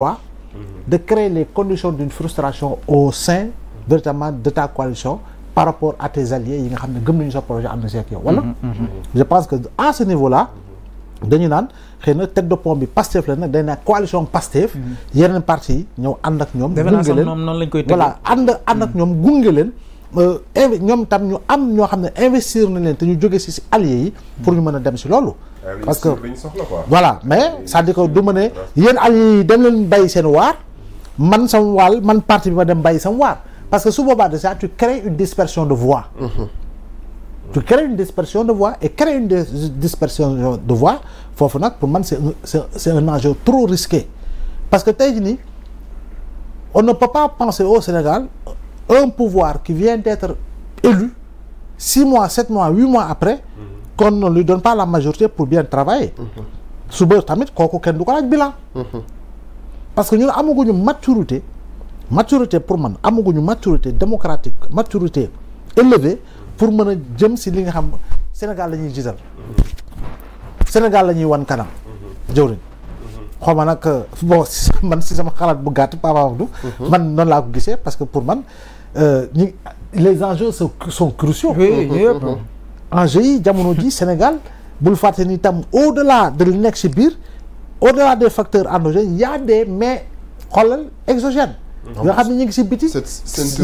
droit de créer les conditions d'une frustration au sein véritablement de ta coalition par rapport à tes alliés yi nga xam ne gëm nañu sa projet am na si ak yow wala mm-hmm, mm-hmm. je pense que à ce niveau là dañu naan xëy na tête de pont bi Pastef la nag dañ naan coalition Pastef mm-hmm. yeneen parti yi ñëw ànd ak ñoom gunge leen voilà ànd ànd ak ñoom gunge leen euh, ñoom tam ñu am ñoo xam ne investir nañ leen te ñu jóge si si alliés yi pour ñu mën a dem si loolu Ah parce que voilà mais c'est-à-dire du ma ne yéen alliés yi dem leen bay seen waar man sam waal man parti bi ma dem bay sam waar parce que su boobaa déjà tu crées une dispersion de voix mhm. tu crées une dispersion de voix et créer une dispersion de voix foofu nag pour man c'est un c'est trop risqué parce que tey jii nii on ne peut pas penser au Sénégal un pouvoir qui vient d'être élu six mois sept mois huit mois après mhm. qu'on ne lui donne pas la majorité pour bien travailler. Mhm. suba tamit kooku kenn du ko laaj bilan. Mhm. parce que ñun amaguñu maturité maturité pour man amaguñu maturité démocratique maturité élevée pour mën a jëm si li nga xam Sénégal la ñuy gisal. Mhm. Sénégal la ñuy wan kanam. jëwriñ xaw ma nag euh, bon man si sama xalaat bu gàtt Papa Abdou. man noonu laa ko gisee parce que pour man euh, ñi les enjeux sont cruciaux. enjeu yi jamono ji Sénégal bul fàtte ni tam au delà de li nekk si biir au delà des facteurs endogènes y a des mais xoolal exogènes yoo xam ne ñu ngi si biti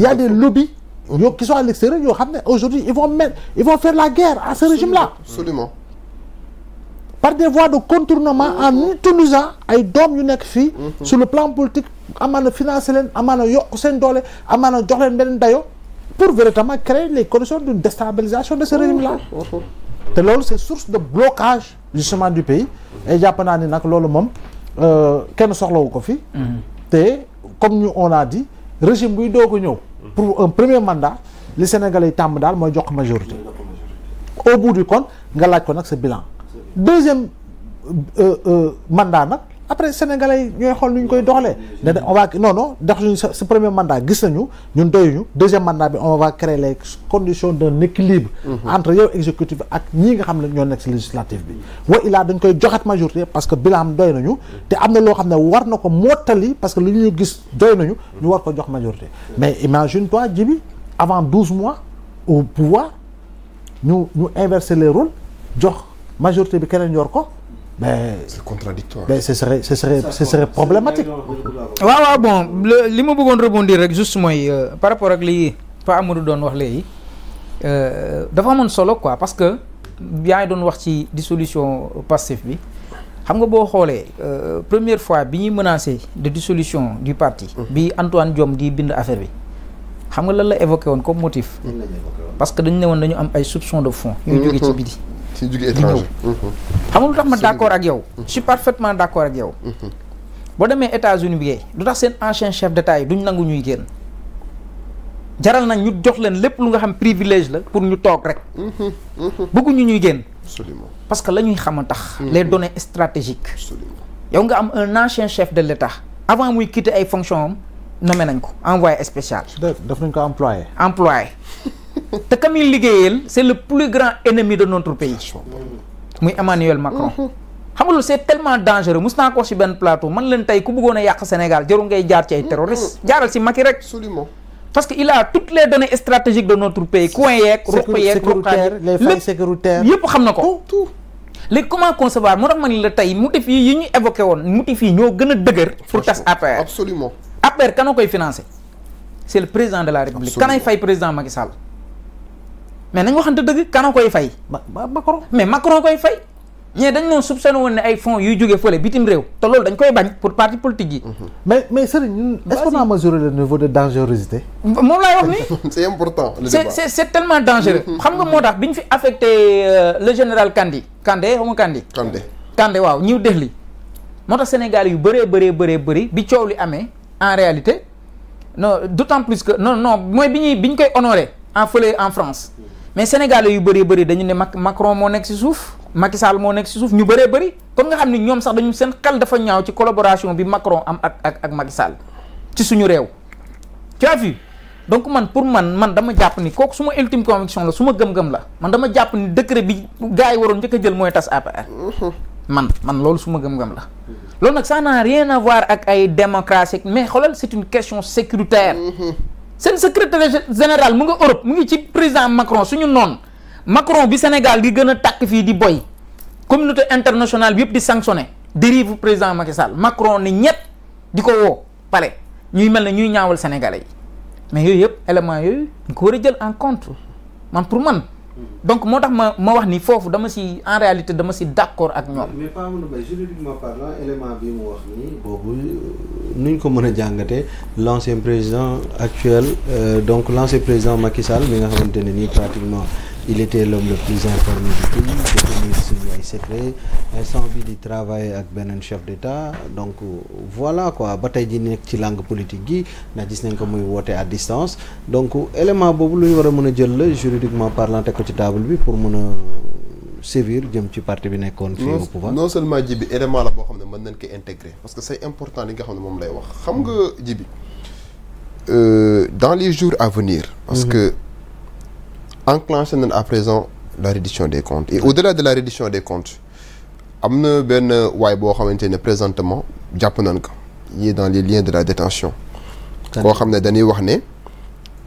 y a des lobbies yoo qui sont à l'extérieur yoo xam ne aujourd'hui ils vont mettre ils vont faire la guerre à ce régime là absolument par des voies de contournement mm-hmm. en utilisant ay doom yu nekk fii mm-hmm. sur le plan politique amaana financer leen amaana yokk seen doole amaana jox leen beneen dayo pour véritablement créer les conditions d'une déstabilisation de ce régime-là. te loolu c'est source de blocage justement du pays. et jàpp naa ni nag loolu moom euh, kenn soxlawu ko fi. Mhm. te comme ñu on a dit régime buy doog ñëw. pour un premier mandat li Sénégalais yi tàmm daal mooy jox majorité. au bout du compte nga laaj ko nag sa bilan. deuxième euh, euh, mandat nag. après sénégalais yi ñooy xool nu ñu koy doxalee. ne ne on va non non doxaluñu sa sa premier mandat gis nañu ñun doyuñu deuxième mandat bi on va créer les conditions d'un équilibre. Mhm. entre yow exécutif ak ñii nga xam ne ñoo nekk si législative bi. wa illah dañ koy joxat majorité parce que bilan am doy nañu. te am na loo xam ne war na ko mottali parce que li ñuy gis doy nañu. ñu war ko jox majorité. mais imagine toi Djibi avant douze mois au pouvoir ñu ñu inverser les jox majorité bi keneen yor ko. mais c'est contradictoire mais ce serait ce serait ce serait problématique. waaw waaw bon li ma bëggoon rebondir rek juste mooy euh, par rapport ak li Pa Amadou doon wax léegi euh, dafa amoon solo quoi parce que yaa doon wax ci dissolution Pastef bi xam nga boo xoolee euh, première fois bi ñuy menacé de dissolution du parti. Mhm. bi Antoine Diome di bind affaire bi. xam nga lan la évoqué woon comme motif. parce que dañu ne woon dañu am ay soupçons de fonds. ñuy mhm. jóge ci biti. suñu jugee étranger mhm. xam lu tax ma d' accord ak yow. Mhm. je suis parfaitement d' ak yow. Mhm. boo demee États-Unis bi lu tax seen ancien chef d' état yi duñ nangu ñuy génn jaral nañ ñu jox leen lépp lu nga xam privilège la pour ñu toog rek. bëgguñu ñuy génn. absolument parce que la ñuy xam a tax. les données stratégiques. yow nga am un ancien chef de l' état. avant muy quitter ay fonctions am nommé nañ ko envoyé spécial. daf nañ ko employé. employé. te ka muy liggéeyal c' est le plus grand ennemi de notre pays. muy Emmanuel Macron. Mm-hmm. xam nga loolu c' est tellement dangereux mos naa ko wax si benn plateau man leen tey ku bëggoon yàq Sénégal jarul ngay jaar ci ay mm-hmm. terroristes. jaaral si Macky rek. absolument parce que il a toutes les données stratégiques de notre pays. coin yeeg ruq yeeg ruqaay les failles sécuritaires xam na ko. tout léegi comment concevoir moo tax ma ni la tey motif yi ñu évoqué woon motif yi ñoo gën a dëgër. pour tas APR absolument APR kan financé. c' la république. kanay fay président Macky mais nañ waxante dëgg kana koy fay. Macron mais Macron koy fay. ñee dañ doon soupçonné woon ne ay fonds yuy jóge fële bitim réew te loolu dañ koy bañ pour parti politique yi. Mhm. mais mais sëriñ ñun. est-ce qu'on a mesuré le niveau de dangerosité. moom laay wax ni. c'est tellement dangereux. Mhm. xam nga moo tax bi ñu fi affecté euh, le général Kandi Kandé xam nga Kandi. Kandé Kandé waaw ñëw Dehli. moo tax Sénégal yu bëree bëree bëree bëri bi coow li amee en réalité non d'autant que non non mooy bi ñuy bi koy honoré en fële en France. mais sénégalais yu bëree bëri dañu ne Mac Macron moo nekk si suuf Macky moo nekk si suuf ñu bëree bëri kon nga xam ne ñoom sax dañu seen xel dafa ñaaw ci collaboration bi Macron am ak ak ak ci suñu réew tu as donc man pour man man dama jàpp ni kooku suma ultime conviction la ma gëm-gëm la man dama jàpp ni décret bi gars yi waroon njëkk a jël mooy tas APR man man loolu suma gëm-gëm la loolu nag ça n'a rien à voir ak ay démocratie mais xoolal c'est une question sécuritaire seen secrétaire général mu nga Europe mu ngi ci président Macron suñu noon Macron bi Sénégal di gën a takk fii di boy communauté internationale bi yëpp di sanctionné dérive président Macky Sall Macron ni ñett di ko woo pale ñuy mel ne ñuy ñaawal sénégalais yi mais yooyu yëpp éléments yooyu ñu ko war a jël en compte man pour man. donc moo tax ma ma wax nii foofu dama ci en réalité dama si d'accord ak ñoom. mais Paa Amadou Mbaye juridiquement parlant élément bi mu wax nii. boobu euh, nuñ ko mën a jàngatee l'ancien président actuel euh, donc l'ancien président Macky Sall mi nga xamante ne nii pratiquement. il était l'homme le plus informé bi euh, di travailler ak beneen chef d'état donc voilà quoi ba tey ji nekk ci langue politique gi ndax gis nañ ko muy woote à distance donc élément boobu lu ñu war a mën a jël la juridiquement parlant teg ko ci table bi pour mën a sévir jëm ci parti bi nekkoon fii au pouvoir non seulement jibi élément la boo xam ne mën nañ ko intégrer parce que c'est important li nga xam ne moom lay wax xam nga jibi euh, dans les jour à venir parce mhm. que enclenché nañ à présent la reddition des comptes et au-delà de la reddition des comptes am na benn waaye boo xamante ne présentement jàpp nañ ko yi dans les lien de la détention koo xam ne dañuy wax ne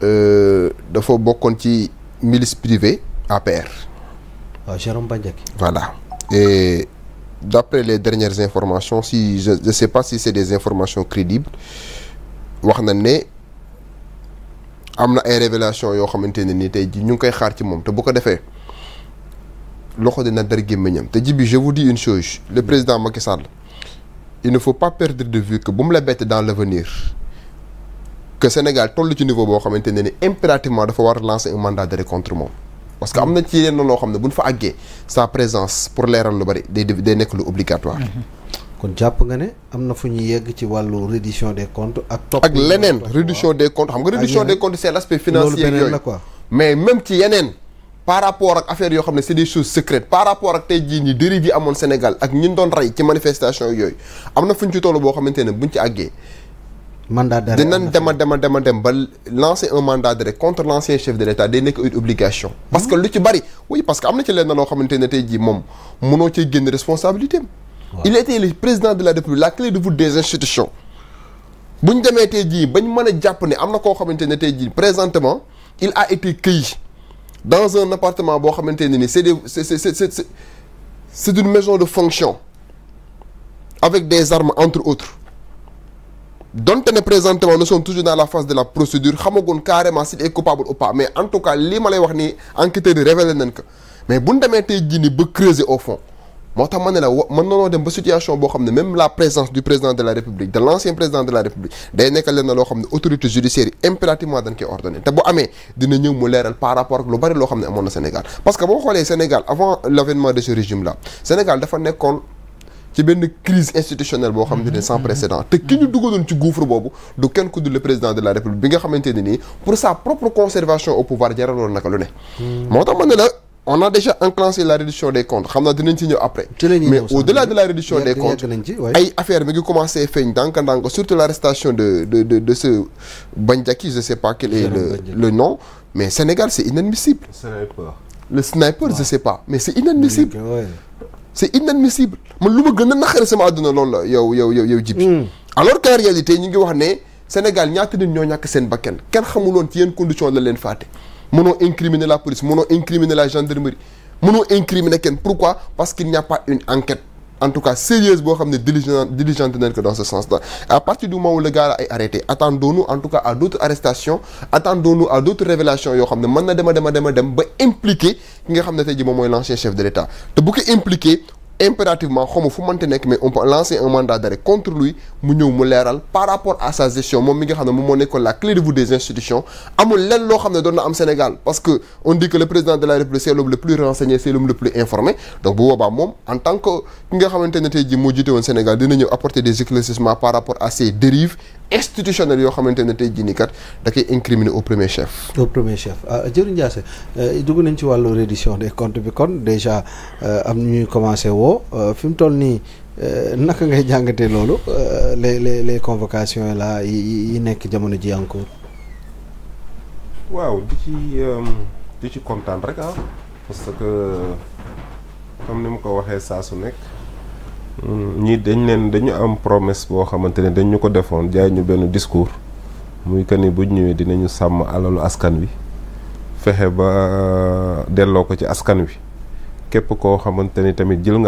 euh, dafa bokkoon ci milice privée APR. waaw Jérôme Bandiaky. voilà et d'après les dernières informations si je je sais pas si c'est des informations crédibles wax na ne. am na ay révélation yoo xamante ne nii tey ji ñu ngi koy xaar ci moom te bu ko defee loxo dina dar gémmiñam te ji bi je vous dis une chose le président Macky Sall il ne faut pas perdre de vue que bu mu la bett dans l'avenir que Sénégal toll ci niveau boo xamante ne ni impérativement dafa war lancer un mandat d'arrêt contre moom parce que am na ci yenn loo xam ne bu ñu fa àggee sa présence pour leeral lu bari day day nekk lu obligatoire. Mm-hmm. kon jàpp nga ne am na fu ñu yegg ci wàllu reddition des comptes ak. ak leneen reddition des comptes xam nga reddition des comptes c'est l'aspect financier yooyu loolu la quoi. mais même ci yeneen. par rapport ak affaire yoo xam ne c'est des choses secrètes par rapport ak tey jii nii dérive yi amoon Sénégal ak ñi doon rey ci manifestation yooyu am na fu ñu ci toll boo xamante ne buñ ci àggee. mandat d'arrêt dinañ dema dema dema dem ba lancer un mandat d'arrêt contre l'ancien chef de l'État day parce que hmm. lu ci bari oui parce que am na ci lenn loo xamante ne tey jii moom mënoo cee génn responsabilité am il a été le président de la république la clé de voûte des institutions bu ñu demee tey jii bañ mën a jàpp ne am na koo xamante ne tey jii présentement il a été cueilli dans un appartement boo xamante ne ni c'est des c'est c'est c'est une maison de fonction avec des armes entre autres donte ne présentement nous sommes toujours dans la phase de la procédure xamagoon carrément s'il est coupable ou mais en tout cas lii ma lay wax ni enquêteurs yi révélé nañ ko mais bu ñu tey jii nii ba creuser au fond moo tax ma ne la mën nanoo dem ba situation boo xam ne même la présence du président de la république de l' président de la république day nekk leen na loo xam ne autorité judiciaire yi impérativement dañ koy ordonné te bu amee dina ñëw mu leeral par rapport ak lu bari loo xam ne amoon na Sénégal parce que boo xoolee Sénégal avant l' de ce régime là Sénégal dafa nekkoon ci benn crise institutionnelle on a déjà enclenché la réduction des comptes xam naa dinañ ci ñëw après mais au-delà de la réduction des comptes ay mais Sénégal c'est inadmissible le sniper je sais pas mais c'est inadmissible c'est inadmissible man lu ma gën a naqari sama àdduna loolu la yow yow yow yow jibi hmm. alors qu'en réalité ñu ngi wax ne Sénégal ñaata nit ñoo ñàkk seen ba bakkan kenn xamuloon ci yenn condition la leen faate mënoo incriminer la police mënoo incriminer la gendarmerie mënoo incriminer kenn pourquoi parce qu'il n'y pas une enquête en tout cas sérieuse boo xam ne diligente diligente nañ ko dans ce sens là à partir du moment où le gars là est arrêté attendons-nous en tout cas à d'autres arrestations attendons-nous à d'autres révélations yoo xam ne mën na dem a dem a dem ba impliqué ki nga xam ne tey jii moom mooy l'ancien chef de l'État te bu ko impliqué impérativement xaw ma fu mënti nekk mais on peut lancer un mandat d'arrêt contre lui mu ñëw mu leeral par rapport à sa gestion moom mi nga xam ne moom moo nekkoon la clé de voûte des institutions amul lenn loo xam ne doon na am Sénégal parce que on dit que le président de la République c'est l'homme le plus renseigné c'est l'homme le plus informé donc bu boobaa moom en tant que ki nga xamante ne tey jii moo jiite woon Sénégal dina ñëw apporter des éclaircissements par rapport institutionnel yoo xamante ne tey jii nii kat da koy incriminer au premier chef. au premier chef ah jërëjëf Ndiasse eh, dugg nañ ci wàllu reddition des comptes bi kon déjà eh, am ñuy commencé woo eh, fi mu toll nii naka ngay jàngatee loolu les les les convocations là yi nekk jamono ji encore. waaw di ci euh, di ci kontaan rek ah parce que comme ni ma ko waxee saa su nekk. ñii dañ leen dañu am promesse boo xamante ne dañu ko defoon jaay ñu benn discours muy que ni bu ñëwee dinañu sàmm alalu askan wi fexe ba euh, delloo ko ci askan wi képp koo xamante ni tamit jël nga.